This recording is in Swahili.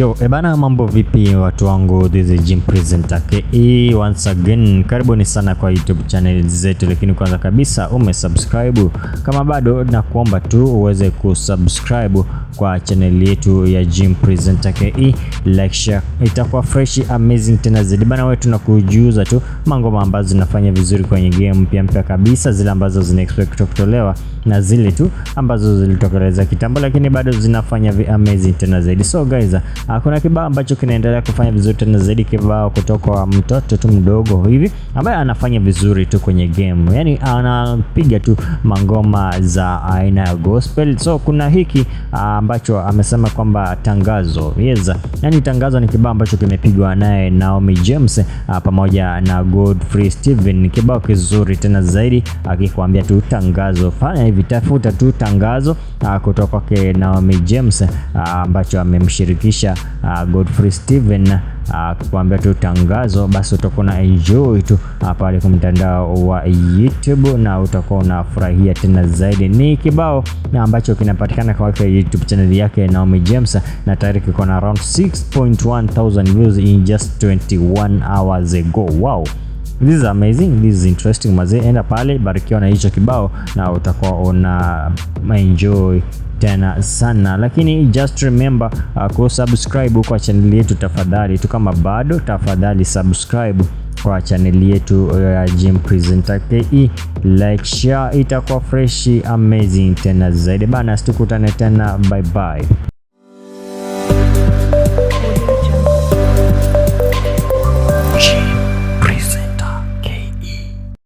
Yo, ebana eh, mambo vipi watu wangu, this is Jim Presenter KE eh, once again, karibuni sana kwa YouTube channel zetu, lakini kwanza kabisa umesubscribe kama bado, na kuomba tu uweze kusubscribe kwa channel yetu ya Jim Presenter KE, eh, like share, itakuwa fresh amazing tena zaidi bana. na kujuza tu mangoma ambazo zinafanya vizuri kwenye game mpya mpya kabisa, zile ambazo zina expect kutolewa na zile tu ambazo zilitokeleza kitambo, lakini bado zinafanya amazing tena zaidi. So guys Ah, kuna kibao ambacho kinaendelea kufanya vizuri tena zaidi, kibao kutoka mtoto tu mdogo hivi ambaye anafanya vizuri tu kwenye game, yani anapiga tu mangoma za aina ya gospel. So kuna hiki ah, ambacho amesema kwamba tangazo yeza, yani tangazo ni kibao ambacho kimepigwa naye Naomi James ah, pamoja na Godfrey Steven, kibao kizuri tena zaidi, akikwambia tu tangazo, fanya hivi, tafuta tu tangazo kutoka kwa Naomi James ambacho amemshirikisha uh, Godfrey Steven akikuambia ah, uh, tu tangazo, basi utakuwa na enjoy tu uh, pale kwa mtandao wa YouTube na utakuwa unafurahia tena zaidi. Ni kibao na ambacho kinapatikana kwa YouTube channel yake Naomi James, na tayari kiko na around 6.1 thousand views in just 21 hours ago. Wow. This is amazing, this is interesting maze enda pale barikiwa na hicho kibao na utakuwa una enjoy tena sana lakini just remember uh, ku subscribe kwa chaneli yetu tafadhali tu, kama bado tafadhali subscribe kwa chaneli yetu uh, ya uh, Jim Presenter KE, like share, itakuwa fresh amazing tena zaidi bana, tukutane tena, bye bye.